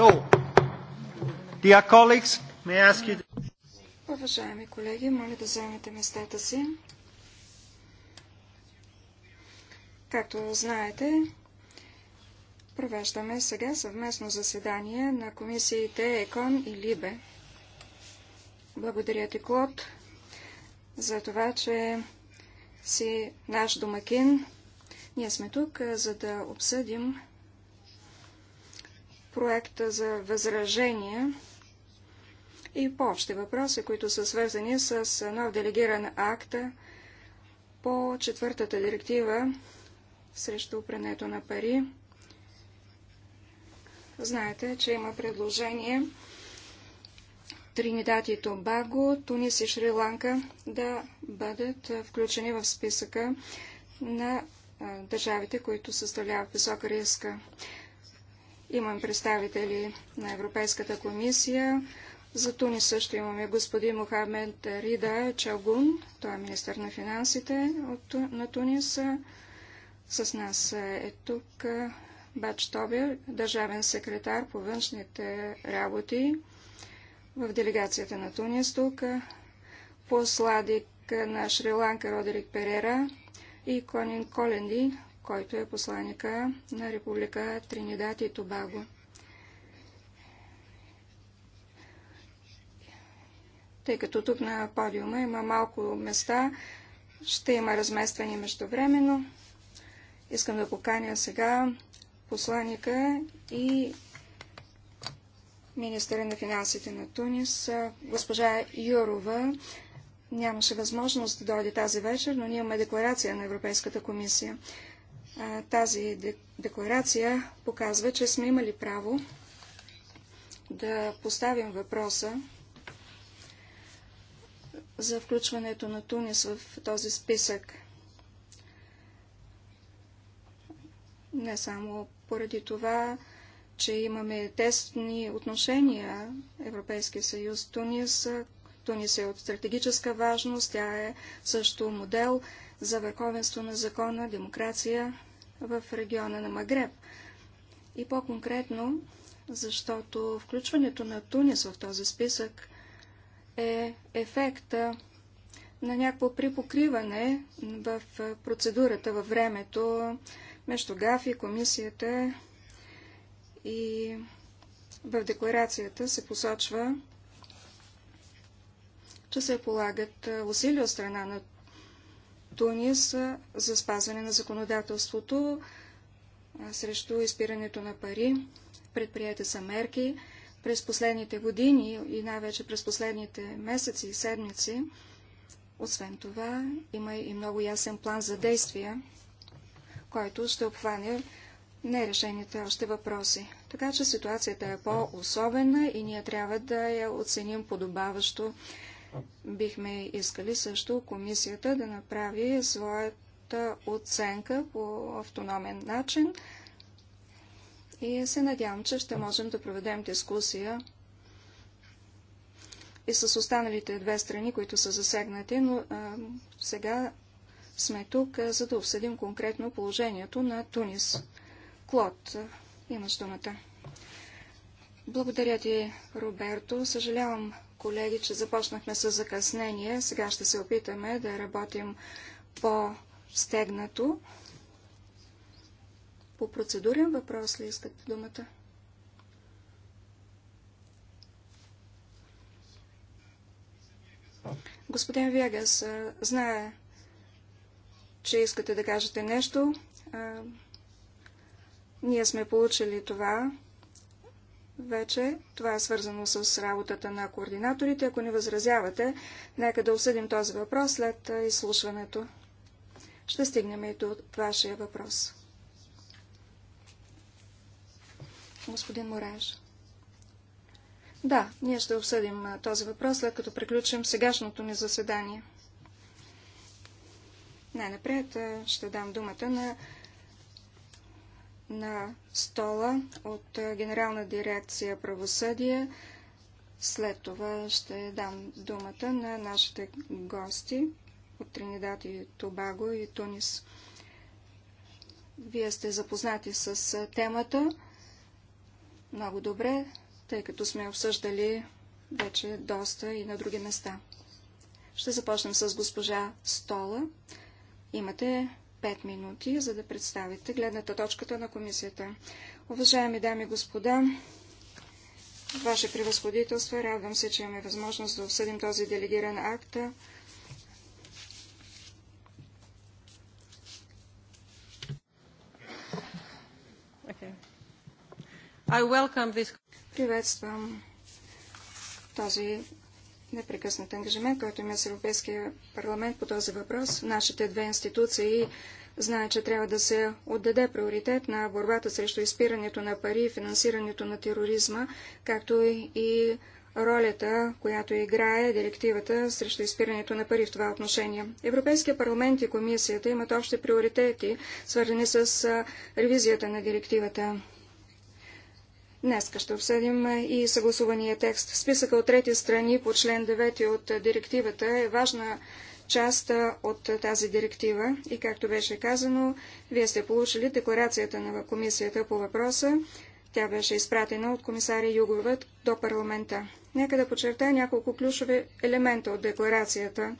So, dear colleagues, may I ask you... Уважаеми колеги, моля да вземете местата си. Както знаете, провеждаме сега съвместно заседание на комисиите ЕКОН и ЛИБЕ. Благодаря ти, Клод, за това, че си наш домакин. Ние сме тук, за да обсъдим проекта за възражения и по-общи въпроси, които са свързани с нов делегиран акт по четвъртата директива срещу прането на пари. Знаете, че има предложение Тринидад и Тобаго, Тунис и Шри-Ланка да бъдат включени в списъка на държавите, които съставляват висока риска. Имам представители на Европейската комисия. За Туни също имаме господин Мохамед Рида Чагун, той е министър на финансите от, на Тунис. С нас е тук Бач Тобер, държавен секретар по външните работи в делегацията на Тунис тук, посладик на Шри-Ланка Родерик Перера и Конин Коленди, който е посланика на Република Тринидад и Тобаго. Тъй като тук на подиума има малко места, ще има разместване междувременно. Искам да поканя сега посланика и министъра на финансите на Тунис, госпожа Юрова, нямаше възможност да дойде тази вечер, но ние имаме декларация на Европейската комисия. Тази декларация показва, че сме имали право да поставим въпроса за включването на Тунис в този списък. Не само поради това, че имаме тесни отношения Европейския съюз Тунис. Тунис е от стратегическа важност, тя е също модел за върховенство на закона, демокрация в региона на Магреб. И по-конкретно, защото включването на Тунис в този списък е ефекта на някакво припокриване в процедурата във времето между ГАФИ, комисията и в декларацията се посочва, че се полагат усилия от страна на Тунис за спазване на законодателството срещу изпирането на пари. Предприяти са мерки през последните години и най-вече през последните месеци и седмици. Освен това, има и много ясен план за действия, който ще обхване нерешените още въпроси. Така че ситуацията е по-особена и ние трябва да я оценим подобаващо. Бихме искали също комисията да направи своята оценка по автономен начин и се надявам, че ще можем да проведем дискусия и с останалите две страни, които са засегнати, но а, сега сме тук, а, за да обсъдим конкретно положението на Тунис. Клод, имаш думата. Благодаря ти, Роберто. Съжалявам, колеги, че започнахме с закъснение. Сега ще се опитаме да работим по-стегнато. По процедурен въпрос ли искате думата? Господин Вегас, знае, че искате да кажете нещо. Ние сме получили това вече. Това е свързано с работата на координаторите. Ако не възразявате, нека да обсъдим този въпрос след изслушването. Ще стигнем и до вашия въпрос. Господин Мораж. Да, ние ще обсъдим този въпрос, след като приключим сегашното ни заседание. Най-напред ще дам думата на на стола от Генерална дирекция правосъдие. След това ще дам думата на нашите гости от Тринидад и Тобаго и Тунис. Вие сте запознати с темата много добре, тъй като сме обсъждали вече доста и на други места. Ще започнем с госпожа Стола. Имате 5 минути, за да представите гледната точката на комисията. Уважаеми дами и господа, Ваше превъзходителство, радвам се, че имаме възможност да обсъдим този делегиран акт. Okay. This... Приветствам този непрекъснат ангажимент, който има с Европейския парламент по този въпрос. Нашите две институции знаят, че трябва да се отдаде приоритет на борбата срещу изпирането на пари и финансирането на тероризма, както и ролята, която играе директивата срещу изпирането на пари в това отношение. Европейския парламент и комисията имат общи приоритети, свързани с ревизията на директивата. Днес ще обсъдим и съгласувания текст. Списъка от трети страни по член 9 от директивата е важна част от тази директива и, както беше казано, вие сте получили декларацията на комисията по въпроса. Тя беше изпратена от комисаря Югова до парламента. Нека да подчертая няколко ключови елемента от декларацията,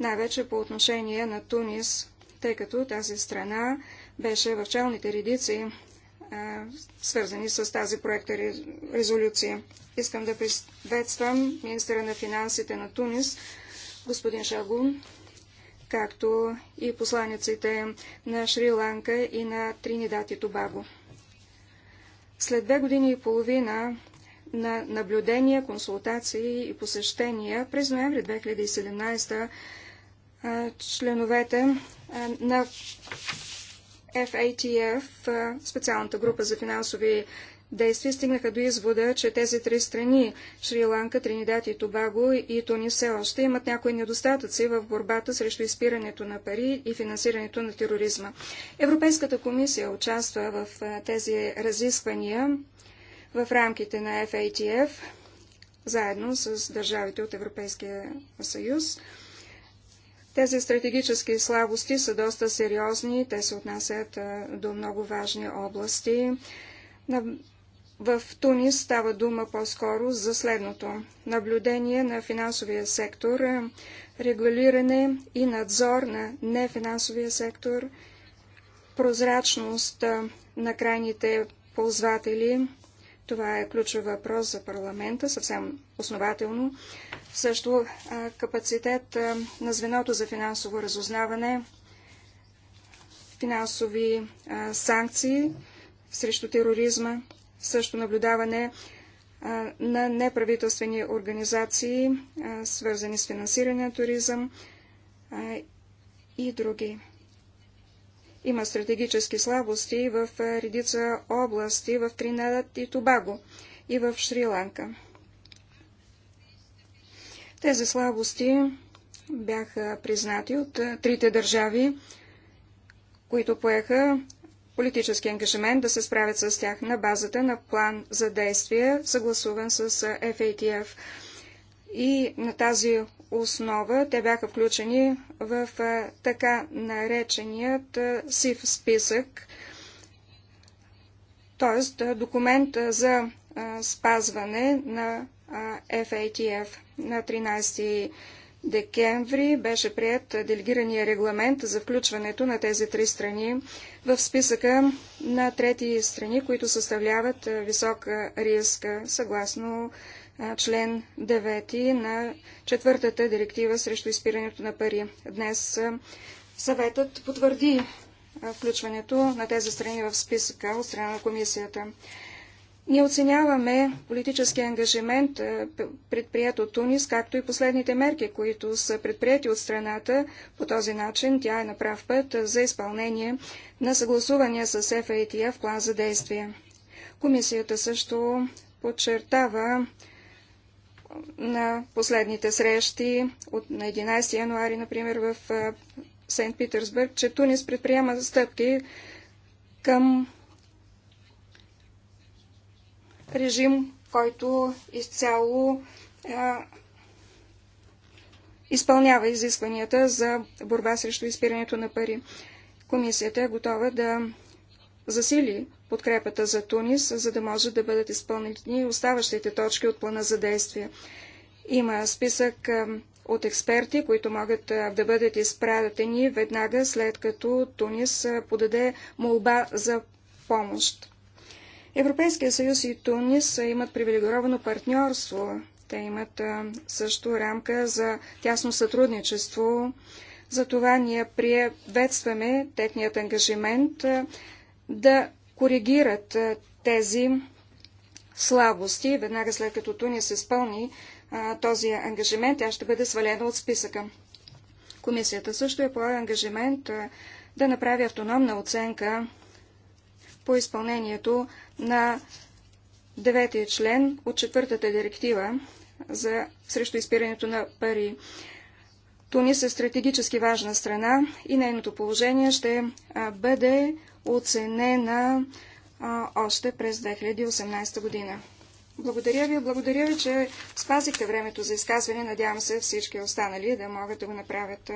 най-вече по отношение на Тунис, тъй като тази страна беше в челните редици свързани с тази проекта резолюция. Искам да приветствам министра на финансите на Тунис, господин Шагун, както и посланиците на Шри-Ланка и на Тринидад и Тобаго. След две години и половина на наблюдения, консултации и посещения през ноември 2017 членовете на FATF, специалната група за финансови действия, стигнаха до извода, че тези три страни Шри-Ланка, Тринидад и Тобаго и Тунис все още имат някои недостатъци в борбата срещу изпирането на пари и финансирането на тероризма. Европейската комисия участва в тези разисквания в рамките на FATF, заедно с държавите от Европейския съюз. Тези стратегически слабости са доста сериозни, те се отнасят до много важни области. В Тунис става дума по-скоро за следното. Наблюдение на финансовия сектор, регулиране и надзор на нефинансовия сектор, прозрачност на крайните ползватели, това е ключов въпрос за парламента, съвсем основателно. Също капацитет на звеното за финансово разузнаване, финансови санкции срещу тероризма, също наблюдаване на неправителствени организации, свързани с финансиране на туризъм и други. Има стратегически слабости в редица области в Тринадат и Тобаго и в Шри-Ланка. Тези слабости бяха признати от трите държави, които поеха политически ангажимент да се справят с тях на базата на план за действие, съгласуван с FATF. И на тази основа те бяха включени в така нареченият СИВ списък, т.е. документ за спазване на FATF. На 13 декември беше прият делегирания регламент за включването на тези три страни в списъка на трети страни, които съставляват висок риск, съгласно член 9 на четвъртата директива срещу изпирането на пари. Днес съветът потвърди включването на тези страни в списъка от страна на комисията. Ние оценяваме политически ангажимент, предприят от Тунис, както и последните мерки, които са предприяти от страната. По този начин тя е на прав път за изпълнение на съгласувания с FATF план за действие. Комисията също подчертава на последните срещи от, на 11 януари, например, в Сент Питерсбърг, че Тунис предприема стъпки към режим, който изцяло а, изпълнява изискванията за борба срещу изпирането на пари. Комисията е готова да засили подкрепата за Тунис, за да може да бъдат изпълнени оставащите точки от плана за действие. Има списък от експерти, които могат да бъдат изпратени веднага след като Тунис подаде молба за помощ. Европейския съюз и Тунис имат привилегировано партньорство. Те имат също рамка за тясно сътрудничество. Затова ние приветстваме техният ангажимент да коригират тези слабости. Веднага след като Тунис изпълни този ангажимент, тя ще бъде свалена от списъка. Комисията също е поел ангажимент да направи автономна оценка по изпълнението на деветия член от четвъртата директива за срещу изпирането на пари. Тунис е стратегически важна страна и нейното положение ще бъде оценена а, още през 2018 година. Благодаря ви, благодаря ви, че спазихте времето за изказване. Надявам се всички останали да могат да го направят.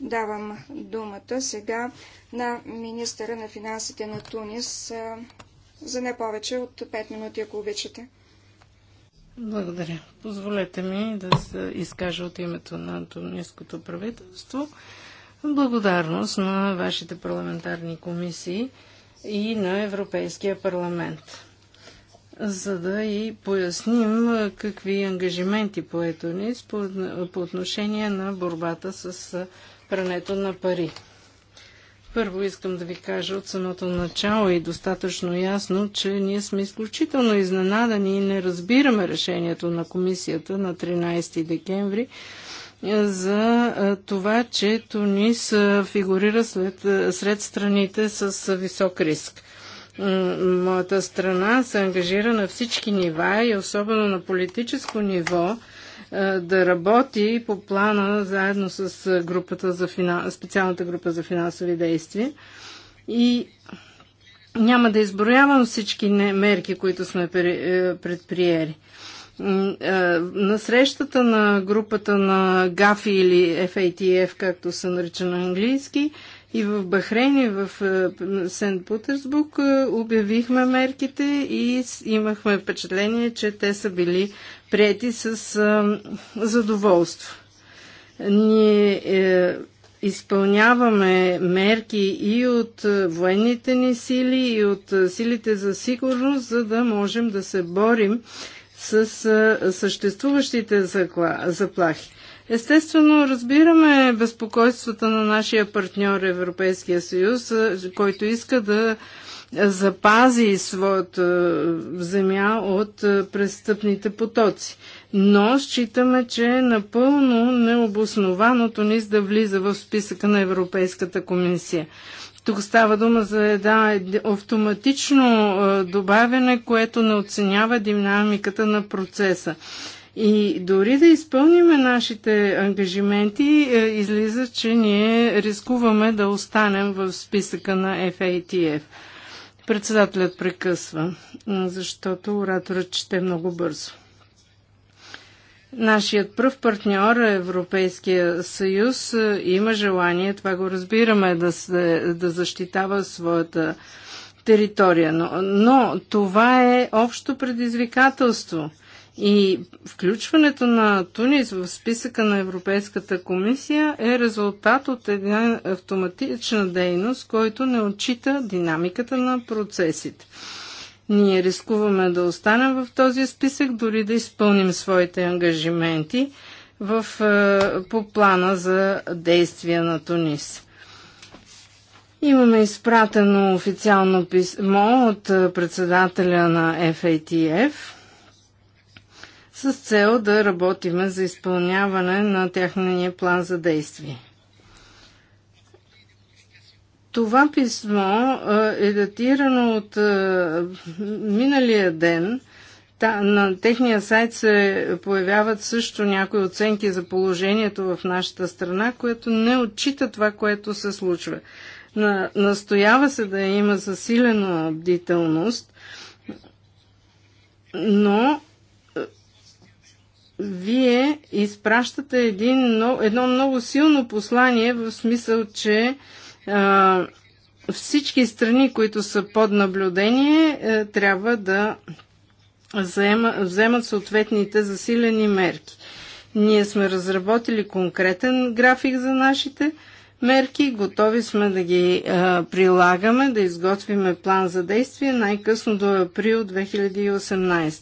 Давам думата сега на министъра на финансите на Тунис а, за не повече от 5 минути, ако обичате. Благодаря. Позволете ми да се изкажа от името на Тунисското правителство. Благодарност на вашите парламентарни комисии и на Европейския парламент, за да и поясним какви ангажименти поето ни по отношение на борбата с прането на пари. Първо искам да ви кажа от самото начало и достатъчно ясно, че ние сме изключително изненадани и не разбираме решението на комисията на 13 декември за това, че Тунис фигурира след, сред страните с висок риск. Моята страна се ангажира на всички нива и особено на политическо ниво да работи по плана заедно с групата за финал... специалната група за финансови действия. И няма да изброявам всички мерки, които сме е, предприели. Е, на срещата на групата на ГАФИ или FATF, както се нарича на английски, и в Бахрейн, и в е, Сент Петербург е, обявихме мерките и имахме впечатление, че те са били прияти с задоволство. Ние изпълняваме мерки и от военните ни сили, и от силите за сигурност, за да можем да се борим с съществуващите заплахи. Естествено, разбираме безпокойствата на нашия партньор Европейския съюз, който иска да запази своята земя от престъпните потоци. Но считаме, че е напълно необоснованото низ да влиза в списъка на Европейската комисия. Тук става дума за една автоматично добавяне, което не оценява динамиката на процеса. И дори да изпълниме нашите ангажименти, излиза, че ние рискуваме да останем в списъка на FATF. Председателят прекъсва, защото ораторът чете много бързо. Нашият пръв партньор, Европейския съюз, е, има желание, това го разбираме, да, се, да защитава своята територия. Но, но това е общо предизвикателство. И включването на Тунис в списъка на Европейската комисия е резултат от една автоматична дейност, който не отчита динамиката на процесите. Ние рискуваме да останем в този списък, дори да изпълним своите ангажименти в, е, по плана за действия на Тунис. Имаме изпратено официално писмо от е, председателя на FATF с цел да работиме за изпълняване на тяхния план за действие. Това писмо е датирано от миналия ден. на техния сайт се появяват също някои оценки за положението в нашата страна, което не отчита това, което се случва. настоява се да има засилена бдителност, но вие изпращате един, едно много силно послание в смисъл, че всички страни, които са под наблюдение, е, трябва да вземат съответните засилени мерки. Ние сме разработили конкретен график за нашите мерки, готови сме да ги а, прилагаме, да изготвиме план за действие най-късно до април 2018.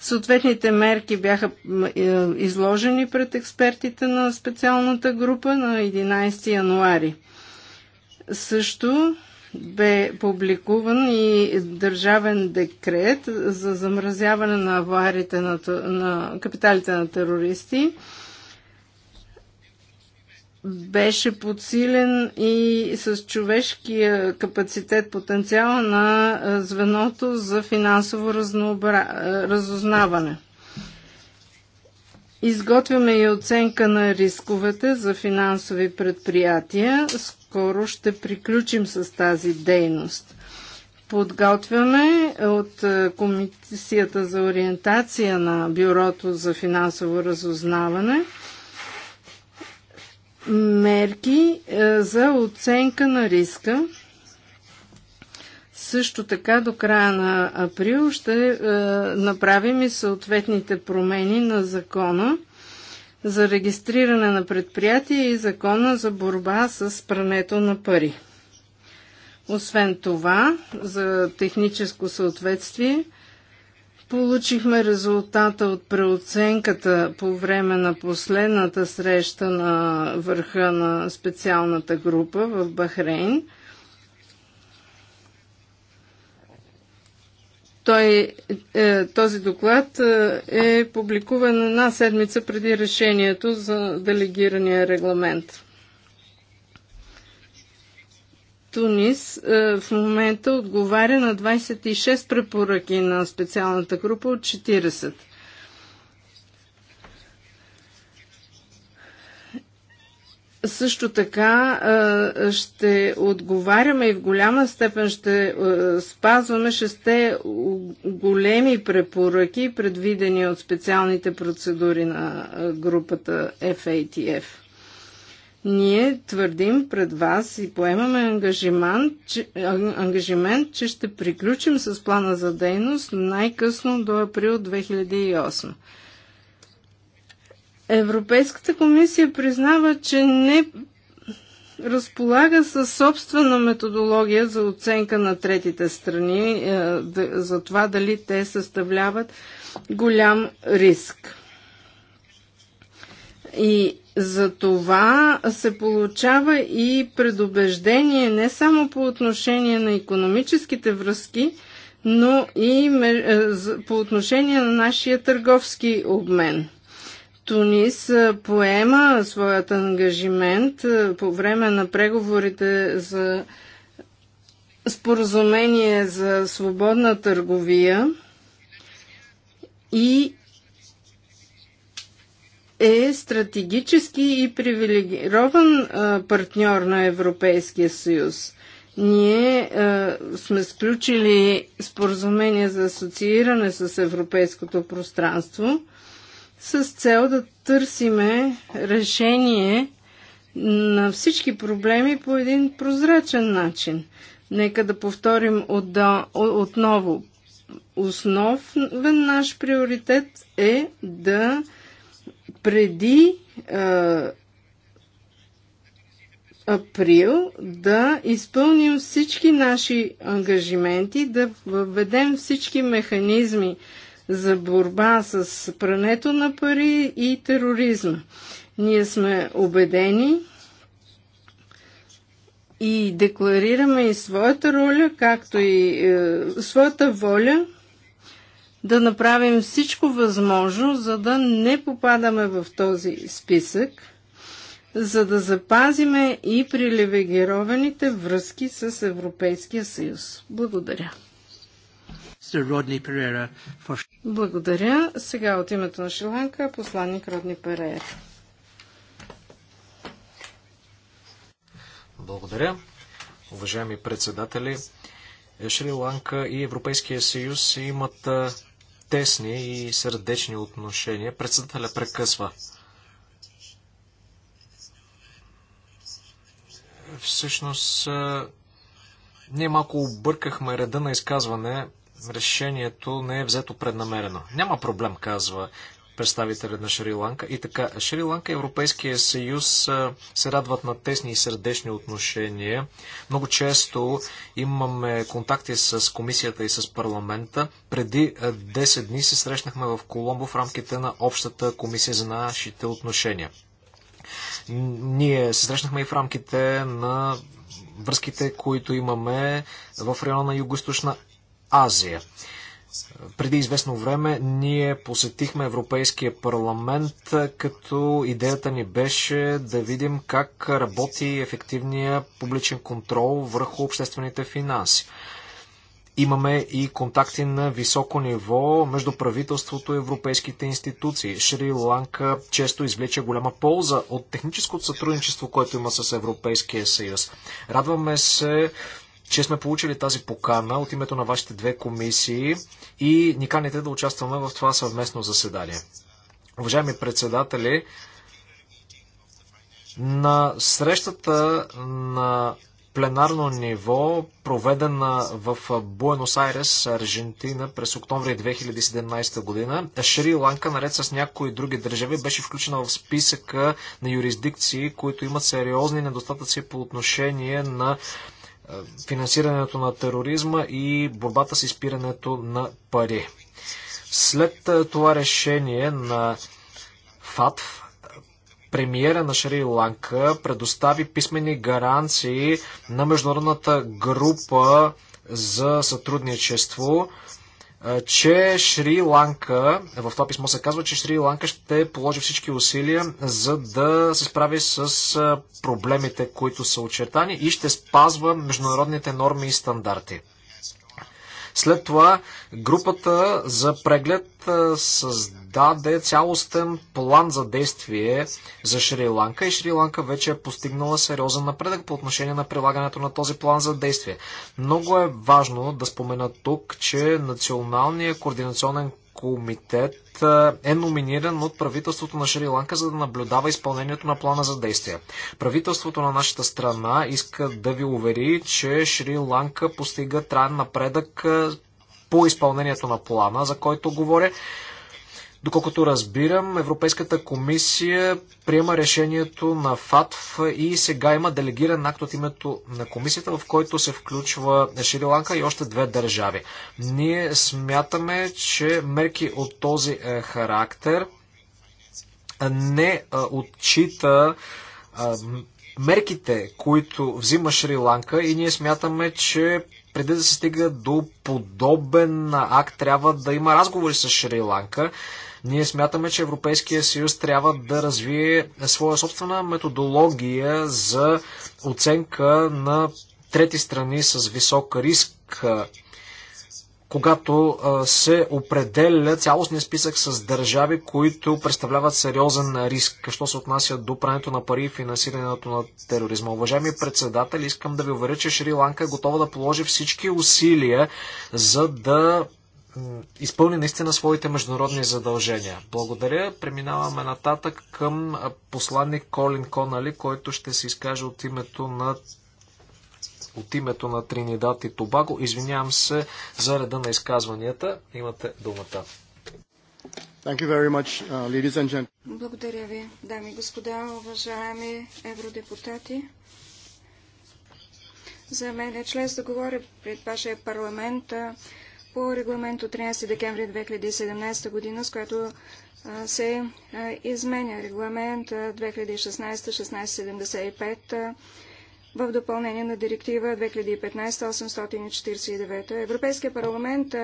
Съответните мерки бяха е, изложени пред експертите на специалната група на 11 януари. Също бе публикуван и държавен декрет за замразяване на аварите на, на капиталите на терористи. Беше подсилен и с човешкия капацитет потенциал на звеното за финансово разнообра... разузнаване. Изготвяме и оценка на рисковете за финансови предприятия, с скоро ще приключим с тази дейност. Подготвяме от е, Комисията за ориентация на Бюрото за финансово разузнаване мерки е, за оценка на риска. Също така до края на април ще е, направим и съответните промени на закона за регистриране на предприятия и закона за борба с прането на пари. Освен това, за техническо съответствие, получихме резултата от преоценката по време на последната среща на върха на специалната група в Бахрейн – Той, е, този доклад е, е публикуван една седмица преди решението за делегирания регламент. Тунис е, в момента отговаря на 26 препоръки на специалната група от 40. Също така ще отговаряме и в голяма степен ще спазваме шесте големи препоръки, предвидени от специалните процедури на групата FATF. Ние твърдим пред вас и поемаме ангажимент, че, ангажимент, че ще приключим с плана за дейност най-късно до април 2008. Европейската комисия признава, че не разполага със собствена методология за оценка на третите страни, е, за това дали те съставляват голям риск. И за това се получава и предубеждение не само по отношение на економическите връзки, но и е, по отношение на нашия търговски обмен – Тунис поема своят ангажимент по време на преговорите за споразумение за свободна търговия и е стратегически и привилегирован партньор на Европейския съюз. Ние а, сме сключили споразумение за асоцииране с Европейското пространство – с цел да търсиме решение на всички проблеми по един прозрачен начин. Нека да повторим отново. Основен наш приоритет е да преди е, април да изпълним всички наши ангажименти, да въведем всички механизми за борба с прането на пари и тероризма. Ние сме убедени и декларираме и своята роля, както и е, своята воля да направим всичко възможно, за да не попадаме в този списък, за да запазиме и прилевегированите връзки с Европейския съюз. Благодаря. Благодаря. Сега от името на Шиланка посланник Родни Перера. Благодаря. Уважаеми председатели, Шри-Ланка и Европейския съюз имат тесни и сърдечни отношения. Председателя прекъсва. Всъщност, ние малко объркахме реда на изказване решението не е взето преднамерено. Няма проблем, казва представителят на Шри-Ланка. И така, Шри-Ланка и Европейския съюз се радват на тесни и сърдечни отношения. Много често имаме контакти с комисията и с парламента. Преди 10 дни се срещнахме в Коломбо в рамките на общата комисия за нашите отношения. Ние се срещнахме и в рамките на връзките, които имаме в района на Юго-Источна Азия. Преди известно време ние посетихме Европейския парламент, като идеята ни беше да видим как работи ефективния публичен контрол върху обществените финанси. Имаме и контакти на високо ниво между правителството и европейските институции. Шри-Ланка често извлече голяма полза от техническото сътрудничество, което има с Европейския съюз. Радваме се че сме получили тази покана от името на вашите две комисии и ни каните да участваме в това съвместно заседание. Уважаеми председатели, на срещата на пленарно ниво, проведена в Буенос Айрес, Аржентина през октомври 2017 година. Шри-Ланка, наред с някои други държави, беше включена в списъка на юрисдикции, които имат сериозни недостатъци по отношение на финансирането на тероризма и борбата с изпирането на пари. След това решение на ФАТФ, премиера на Шри-Ланка предостави писмени гаранции на международната група за сътрудничество че Шри-Ланка, в това писмо се казва, че Шри-Ланка ще положи всички усилия, за да се справи с проблемите, които са очертани и ще спазва международните норми и стандарти. След това групата за преглед създаде цялостен план за действие за Шри-Ланка и Шри-Ланка вече е постигнала сериозен напредък по отношение на прилагането на този план за действие. Много е важно да спомена тук, че Националният координационен комитет е номиниран от правителството на Шри-Ланка, за да наблюдава изпълнението на плана за действие. Правителството на нашата страна иска да ви увери, че Шри-Ланка постига траен напредък по изпълнението на плана, за който говоря. Доколкото разбирам, Европейската комисия приема решението на ФАТФ и сега има делегиран акт от името на комисията, в който се включва Шри-Ланка и още две държави. Ние смятаме, че мерки от този е, характер не е, отчита е, мерките, които взима Шри-Ланка и ние смятаме, че преди да се стига до подобен акт, трябва да има разговори с Шри-Ланка. Ние смятаме, че Европейския съюз трябва да развие своя собствена методология за оценка на трети страни с висок риск, когато се определя цялостния списък с държави, които представляват сериозен риск, що се отнася до прането на пари и финансирането на тероризма. Уважаеми председател, искам да ви уверя, че Шри-Ланка е готова да положи всички усилия, за да изпълни наистина своите международни задължения. Благодаря. Преминаваме нататък към посланник Колин Конали, който ще се изкаже от името на от името на Тринидад и Тобаго. Извинявам се за реда на изказванията. Имате думата. Much, uh, Благодаря ви, дами и господа, уважаеми евродепутати. За мен е чест да говоря пред вашия парламент по регламент от 13 декември 2017 година, с което се изменя регламент 2016-1675 в допълнение на директива 2015-849. Европейския парламент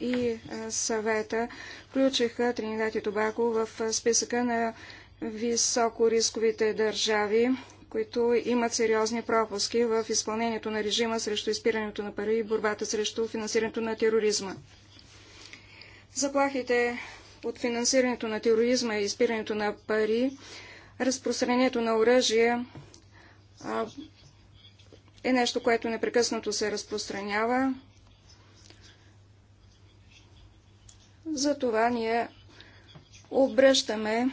и съвета включиха Тринидад и Тобако в списъка на високорисковите държави които имат сериозни пропуски в изпълнението на режима срещу изпирането на пари и борбата срещу финансирането на тероризма. Заплахите от финансирането на тероризма и изпирането на пари, разпространението на оръжие е нещо, което непрекъснато се разпространява. Затова ние обръщаме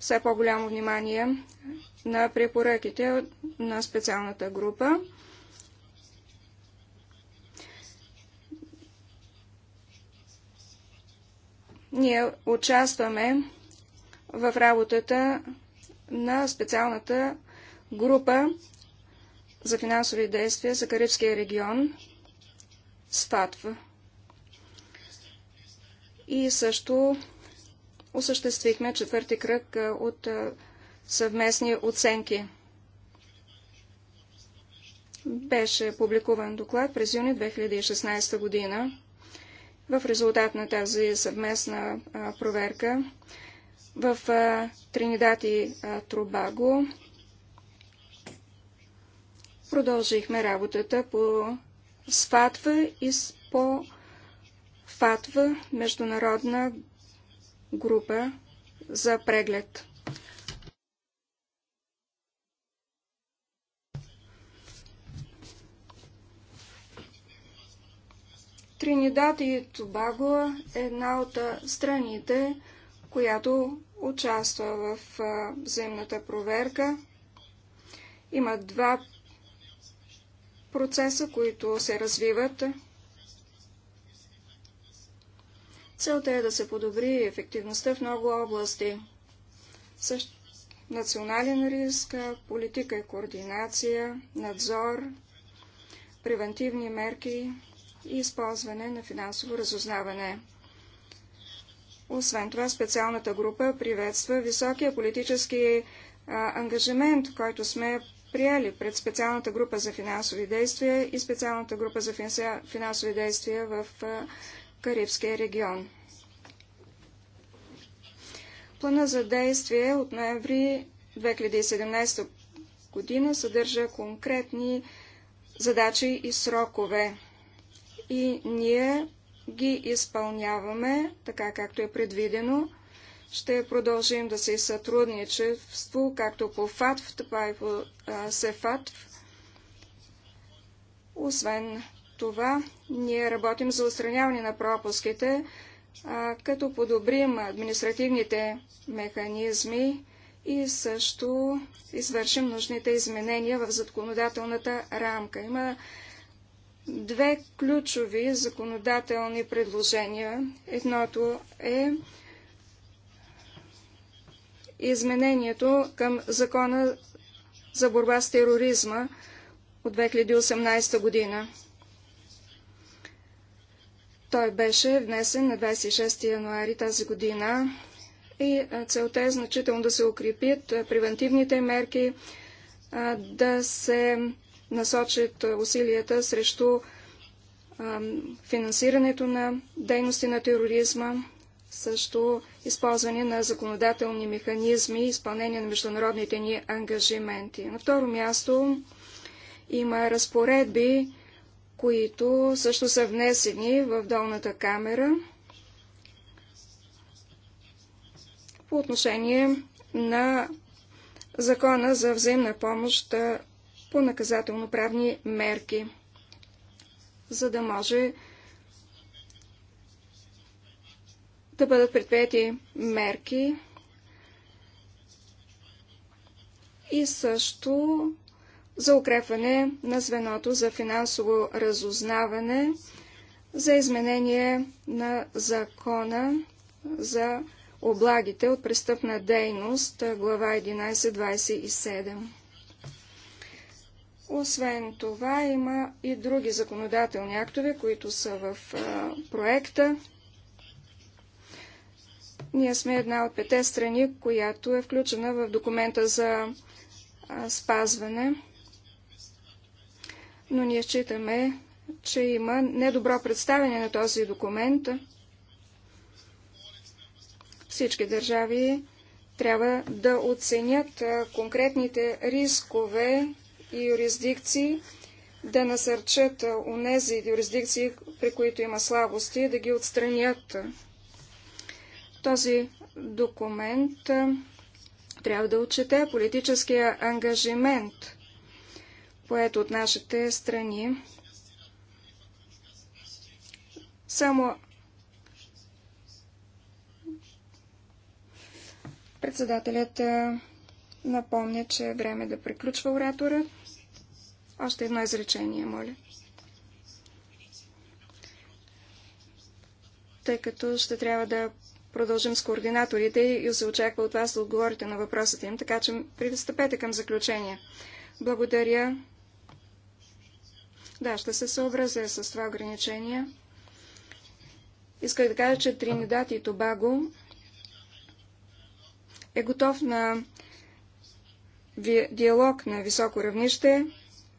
все по-голямо внимание на препоръките на специалната група. Ние участваме в работата на специалната група за финансови действия за Карибския регион СФАТВ. И също осъществихме четвърти кръг от съвместни оценки. Беше публикуван доклад през юни 2016 година. В резултат на тази съвместна проверка в Тринидад и Трубаго продължихме работата по СФАТВА и по ФАТВА, международна група за преглед. Тринидад и Тобаго е една от страните, която участва в взаимната проверка. Има два процеса, които се развиват. Целта е да се подобри ефективността в много области. Също национален риск, политика и координация, надзор, превентивни мерки и използване на финансово разузнаване. Освен това, специалната група приветства високия политически а, ангажимент, който сме приели пред специалната група за финансови действия и специалната група за финансови действия в а, Карибския регион. Плана за действие от ноември 2017 година съдържа конкретни задачи и срокове. И ние ги изпълняваме така, както е предвидено. Ще продължим да се сътрудничество, както по ФАТВ, така и по СЕФАТВ. Освен това ние работим за устраняване на пропуските, като подобрим административните механизми и също извършим нужните изменения в законодателната рамка. Има две ключови законодателни предложения. Едното е изменението към закона за борба с тероризма от 2018 година. Той беше внесен на 26 януари тази година и целта е значително да се укрепят превентивните мерки, да се насочат усилията срещу финансирането на дейности на тероризма, също използване на законодателни механизми и изпълнение на международните ни ангажименти. На второ място има разпоредби които също са внесени в долната камера по отношение на Закона за взаимна помощ по наказателно-правни мерки, за да може да бъдат предприяти мерки и също за укрепване на звеното за финансово разузнаване, за изменение на закона за облагите от престъпна дейност, глава 11.27. Освен това има и други законодателни актове, които са в проекта. Ние сме една от пете страни, която е включена в документа за спазване но ние считаме, че има недобро представяне на този документ. Всички държави трябва да оценят конкретните рискове и юрисдикции, да насърчат унези юрисдикции, при които има слабости, да ги отстранят. Този документ трябва да отчете политическия ангажимент – поето от нашите страни. Само председателят напомня, че е време да приключва оратора. Още едно изречение, моля. Тъй като ще трябва да продължим с координаторите и се очаква от вас да отговорите на въпросите им, така че пристъпете към заключение. Благодаря да, ще се съобразя с това ограничение. Исках да кажа, че Тринидад и Тобаго е готов на диалог на високо равнище,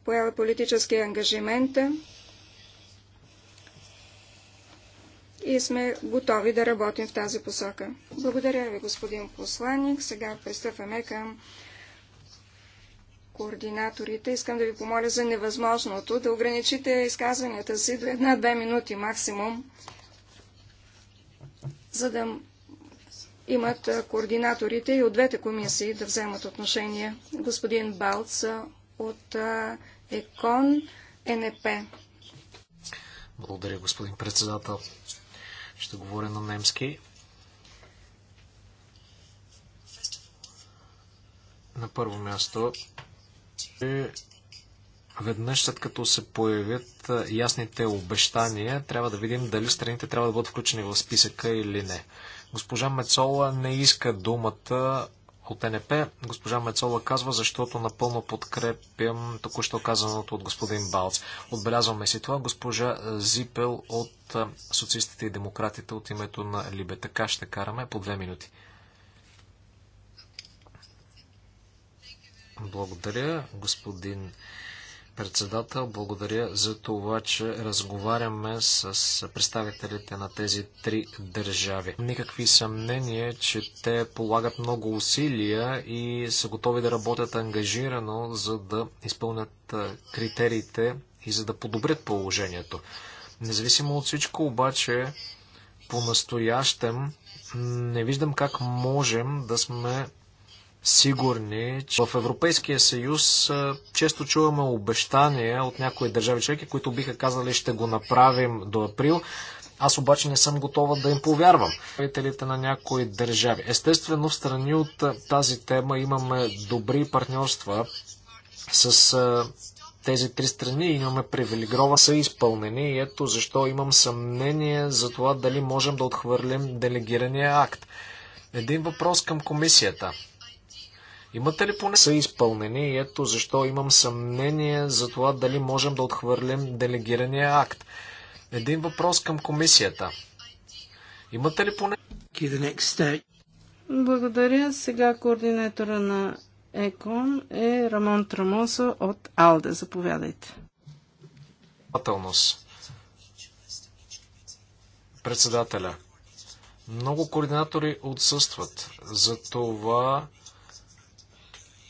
поява политически ангажимент и сме готови да работим в тази посока. Благодаря ви, господин посланник. Сега пристъпваме към координаторите, искам да ви помоля за невъзможното да ограничите изказванията си до една-две минути максимум, за да имат координаторите и от двете комисии да вземат отношение. Господин Балц от ЕКОН НП. Благодаря, господин председател. Ще говоря на немски. На първо място че веднъж след като се появят ясните обещания, трябва да видим дали страните трябва да бъдат включени в списъка или не. Госпожа Мецола не иска думата от НП. Госпожа Мецола казва, защото напълно подкрепям току-що казаното от господин Балц. Отбелязваме си това. Госпожа Зипел от Социалистите и демократите от името на Либе. Така ще караме по две минути. Благодаря, господин председател. Благодаря за това, че разговаряме с представителите на тези три държави. Никакви съмнения, че те полагат много усилия и са готови да работят ангажирано, за да изпълнят критериите и за да подобрят положението. Независимо от всичко, обаче, по-настоящем не виждам как можем да сме сигурни, че в Европейския съюз често чуваме обещания от някои държави човеки, които биха казали ще го направим до април. Аз обаче не съм готова да им повярвам. Правителите на някои държави. Естествено, в страни от тази тема имаме добри партньорства с тези три страни и имаме привилегирован са изпълнени и ето защо имам съмнение за това дали можем да отхвърлим делегирания акт. Един въпрос към комисията. Имате ли поне са изпълнени и ето защо имам съмнение за това дали можем да отхвърлим делегирания акт. Един въпрос към комисията. Имате ли поне... Благодаря. Сега координатора на ЕКОН е Рамон Трамосо от АЛДЕ. Заповядайте. Председателя. Много координатори отсъстват. За това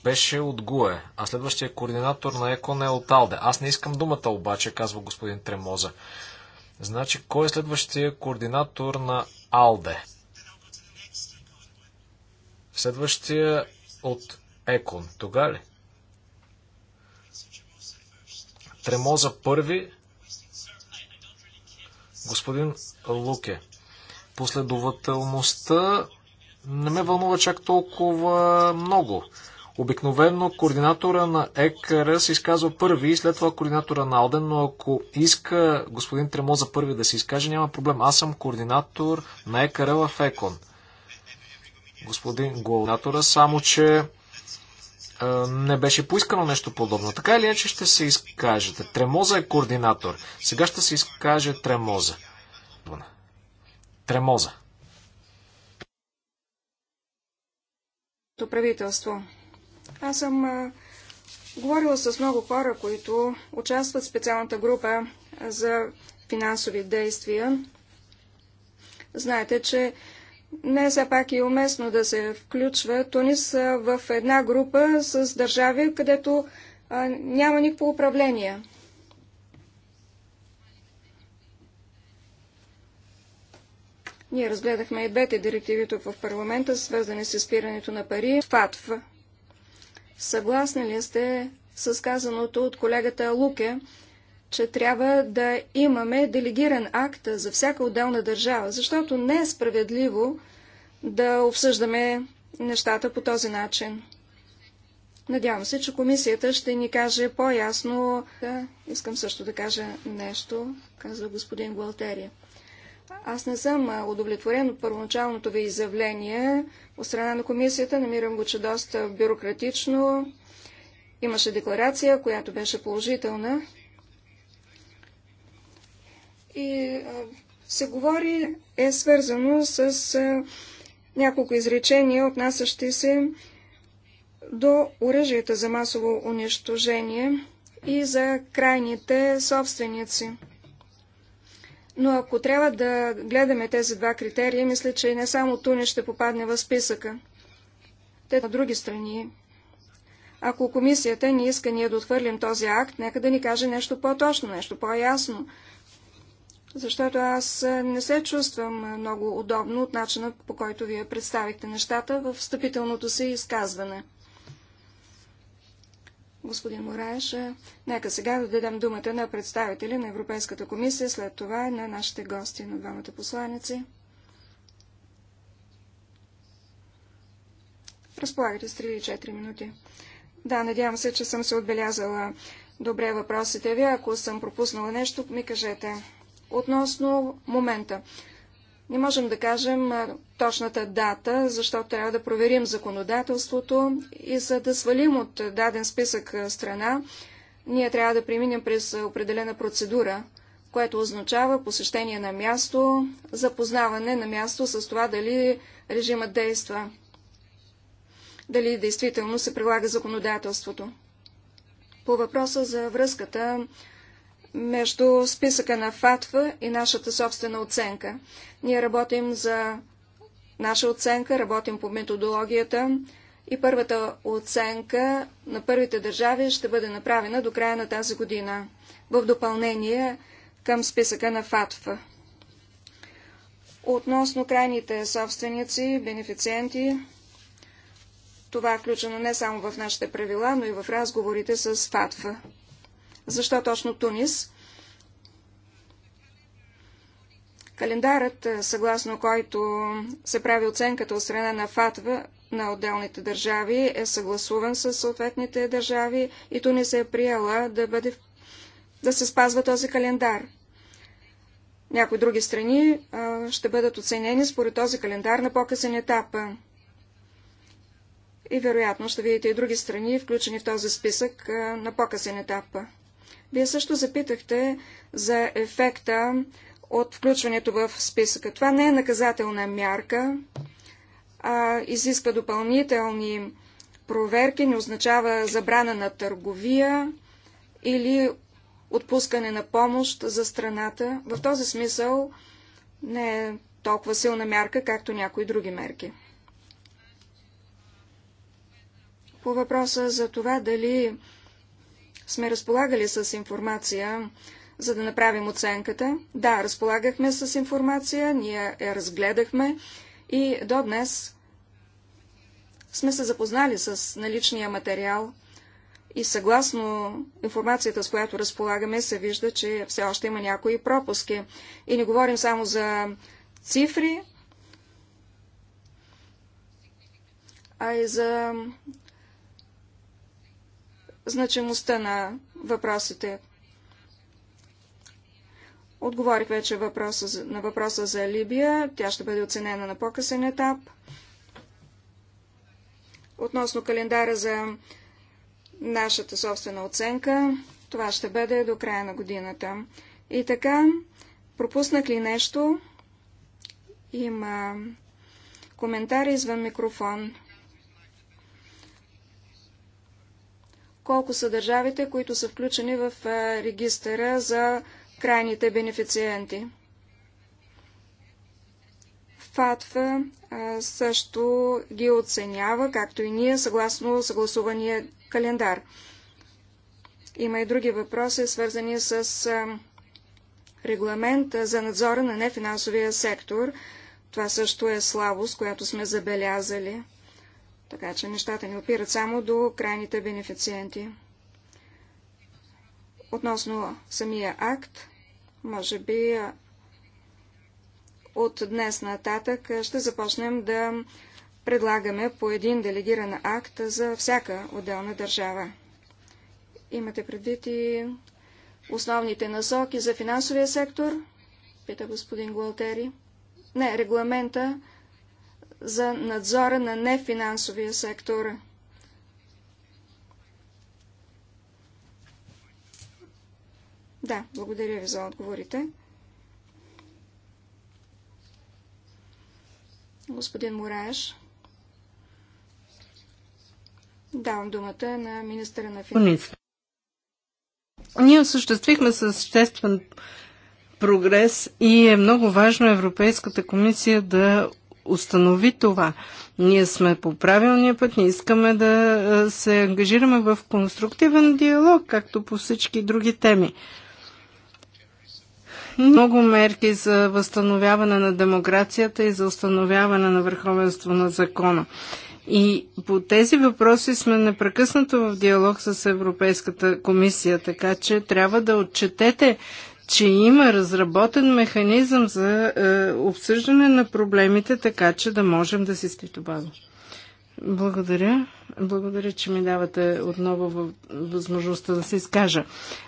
беше от Гуе, а следващия координатор на ЕКОН е от Алде. Аз не искам думата обаче, казва господин Тремоза. Значи, кой е следващия координатор на Алде? Следващия от Екон. Тога ли? Тремоза първи. Господин Луке. Последователността не ме вълнува чак толкова много. Обикновено координатора на ЕКР се изказва първи и след това координатора на Алден, но ако иска господин Тремо за първи да се изкаже, няма проблем. Аз съм координатор на ЕКР в ЕКОН. Господин координатора, само че не беше поискано нещо подобно. Така или иначе ще се изкажете. Тремоза е координатор. Сега ще се изкаже Тремоза. Тремоза. правителство. Аз съм а, говорила с много хора, които участват в специалната група за финансови действия. Знаете, че не все пак е уместно да се включва Тунис в една група с държави, където а, няма никакво управление. Ние разгледахме и двете директиви тук в парламента, свързани с изпирането на пари. ФАТВ Съгласни ли сте с казаното от колегата Луке, че трябва да имаме делегиран акт за всяка отделна държава, защото не е справедливо да обсъждаме нещата по този начин. Надявам се, че комисията ще ни каже по-ясно. Да, искам също да кажа нещо, казва господин Гуалтерия. Аз не съм удовлетворен от първоначалното ви изявление. От страна на комисията намирам го, че доста бюрократично. Имаше декларация, която беше положителна. И се говори, е свързано с няколко изречения, отнасящи се до оръжията за масово унищожение и за крайните собственици. Но ако трябва да гледаме тези два критерия, мисля, че не само Туни ще попадне в списъка. Те на други страни. Ако комисията не иска ние да отвърлим този акт, нека да ни каже нещо по-точно, нещо по-ясно. Защото аз не се чувствам много удобно от начина, по който вие представихте нещата в встъпителното си изказване господин Мораеш. Е, нека сега да дадем думата на представители на Европейската комисия, след това и на нашите гости, на двамата посланици. Разполагате с 3 4 минути. Да, надявам се, че съм се отбелязала добре въпросите ви. Ако съм пропуснала нещо, ми кажете. Относно момента. Не можем да кажем точната дата, защото трябва да проверим законодателството и за да свалим от даден списък страна, ние трябва да преминем през определена процедура, което означава посещение на място, запознаване на място с това дали режимът действа, дали действително се прилага законодателството. По въпроса за връзката между списъка на ФАТВА и нашата собствена оценка. Ние работим за наша оценка, работим по методологията и първата оценка на първите държави ще бъде направена до края на тази година, в допълнение към списъка на ФАТФА. Относно крайните собственици, бенефициенти, това е включено не само в нашите правила, но и в разговорите с ФАТФА. Защо точно Тунис? Календарът, е, съгласно който се прави оценката от страна на ФАТВА на отделните държави, е съгласуван с съответните държави и то не се е приела да, бъде, да се спазва този календар. Някои други страни а, е, ще бъдат оценени според този календар на по-късен етап. И вероятно ще видите и други страни, включени в този списък а, е, на по-късен етап. Вие също запитахте за ефекта от включването в списъка. Това не е наказателна мярка, а изисква допълнителни проверки, не означава забрана на търговия или отпускане на помощ за страната. В този смисъл не е толкова силна мярка, както някои други мерки. По въпроса за това дали сме разполагали с информация за да направим оценката. Да, разполагахме с информация, ние я разгледахме и до днес сме се запознали с наличния материал и съгласно информацията, с която разполагаме, се вижда, че все още има някои пропуски. И не говорим само за цифри, а и за значимостта на въпросите. Отговорих вече въпроса, на въпроса за Либия. Тя ще бъде оценена на по-късен етап. Относно календара за нашата собствена оценка, това ще бъде до края на годината. И така, пропуснах ли нещо? Има коментари извън микрофон. Колко са държавите, които са включени в регистъра за крайните бенефициенти. ФАТФА също ги оценява, както и ние, съгласно съгласувания календар. Има и други въпроси, свързани с регламент за надзора на нефинансовия сектор. Това също е слабост, която сме забелязали. Така че нещата ни опират само до крайните бенефициенти. Относно самия акт, може би от днес нататък ще започнем да предлагаме по един делегиран акт за всяка отделна държава. Имате предвид и основните насоки за финансовия сектор? Пита господин Гуалтери. Не, регламента за надзора на нефинансовия сектор. Да, благодаря ви за отговорите. Господин Мураеш. Давам думата на министъра на финансите. Ние осъществихме съществен прогрес и е много важно Европейската комисия да установи това. Ние сме по правилния път, ние искаме да се ангажираме в конструктивен диалог, както по всички други теми много мерки за възстановяване на демокрацията и за установяване на върховенство на закона. И по тези въпроси сме непрекъснато в диалог с Европейската комисия, така че трябва да отчетете, че има разработен механизъм за е, обсъждане на проблемите, така че да можем да си стрито благодаря. Благодаря, че ми давате отново възможността да се изкажа.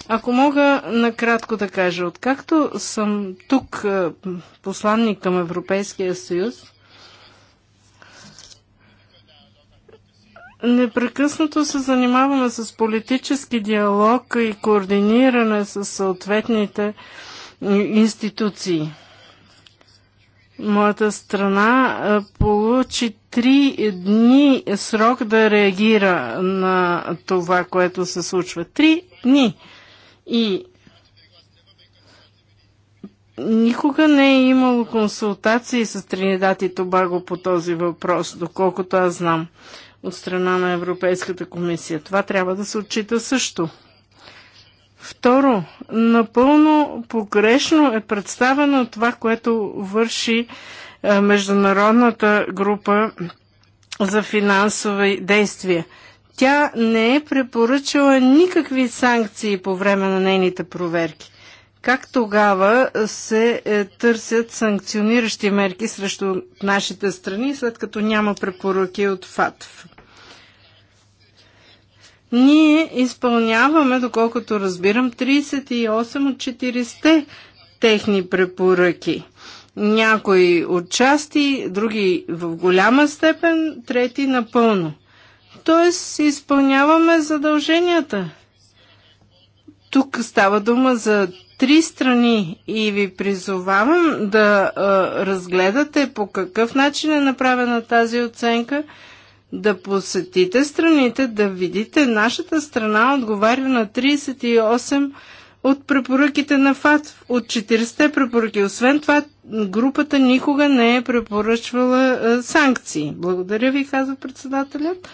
Ако мога накратко да кажа, откакто съм тук е, посланник към Европейския съюз, непрекъснато се занимаваме с политически диалог и координиране с съответните институции. Моята страна получи три дни срок да реагира на това, което се случва. Три дни. И никога не е имало консултации с Тринидад и Тобаго по този въпрос, доколкото аз знам от страна на Европейската комисия. Това трябва да се отчита също. Второ, напълно погрешно е представено това, което върши е, Международната група за финансови действия. Тя не е препоръчала никакви санкции по време на нейните проверки. Как тогава се е, търсят санкциониращи мерки срещу нашите страни, след като няма препоръки от ФАТФ? Ние изпълняваме, доколкото разбирам, 38 от 40 техни препоръки. Някои от части, други в голяма степен, трети напълно. Тоест, изпълняваме задълженията. Тук става дума за три страни и ви призовавам да а, разгледате по какъв начин е направена тази оценка – да посетите страните, да видите нашата страна отговаря на 38 от препоръките на ФАТ, от 40-те препоръки. Освен това, групата никога не е препоръчвала е, санкции. Благодаря ви, казва председателят.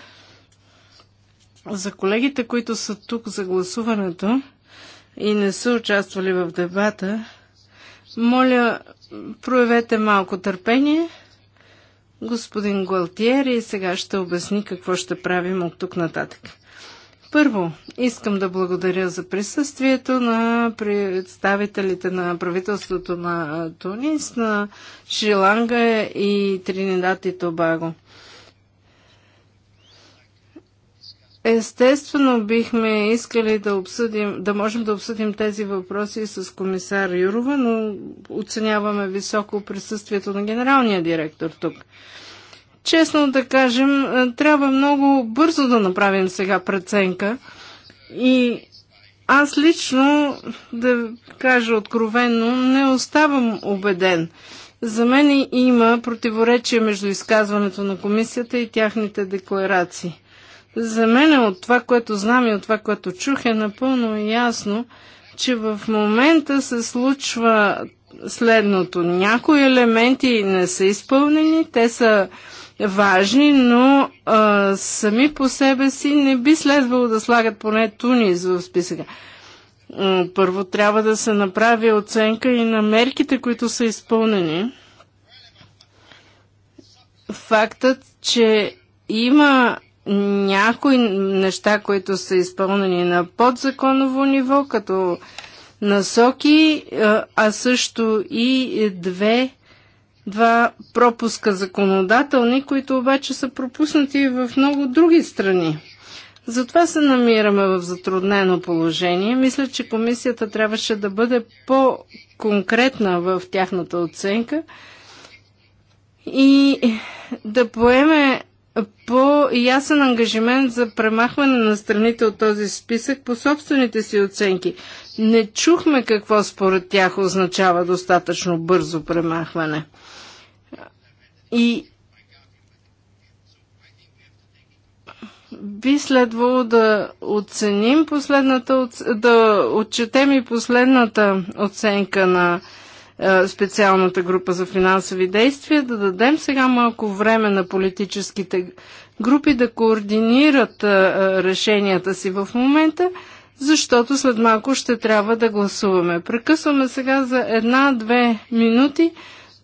За колегите, които са тук за гласуването и не са участвали в дебата, моля, проявете малко търпение господин Гуалтиер и сега ще обясни какво ще правим от тук нататък. Първо, искам да благодаря за присъствието на представителите на правителството на Тунис, на Шри-Ланга и Тринидад и Тобаго. Естествено бихме искали да обсъдим, да можем да обсъдим тези въпроси с комисар Юрова, но оценяваме високо присъствието на генералния директор тук. Честно да кажем, е, трябва много бързо да направим сега преценка и аз лично, да кажа откровенно, не оставам убеден. За мен има противоречие между изказването на комисията и тяхните декларации. За мен е от това, което знам и от това, което чух, е напълно ясно, че в момента се случва следното. Някои елементи не са изпълнени, те са важни, но а, сами по себе си не би следвало да слагат поне Тунис в списъка. Първо трябва да се направи оценка и на мерките, които са изпълнени. Фактът, че има някои неща, които са изпълнени на подзаконово ниво, като насоки, е, а също и две, два пропуска законодателни, които обаче са пропуснати в много други страни. Затова се намираме в затруднено положение. Мисля, че комисията трябваше да бъде по-конкретна в тяхната оценка и да поеме по ясен ангажимент за премахване на страните от този списък по собствените си оценки. Не чухме какво според тях означава достатъчно бързо премахване. И би следвало да оценим последната, да отчетем и последната оценка на е, специалната група за финансови действия, да дадем сега малко време на политическите групи да координират е, е, решенията си в момента, защото след малко ще трябва да гласуваме. Прекъсваме сега за една-две минути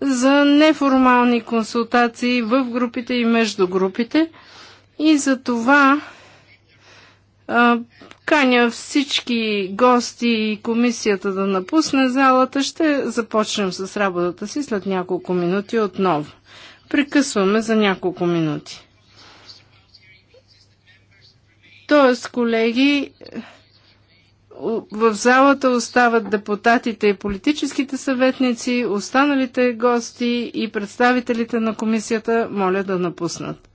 за неформални консултации в групите и между групите. И за това Каня всички гости и комисията да напусне залата. Ще започнем с работата си след няколко минути отново. Прекъсваме за няколко минути. Тоест, колеги, в залата остават депутатите и политическите съветници, останалите гости и представителите на комисията моля да напуснат.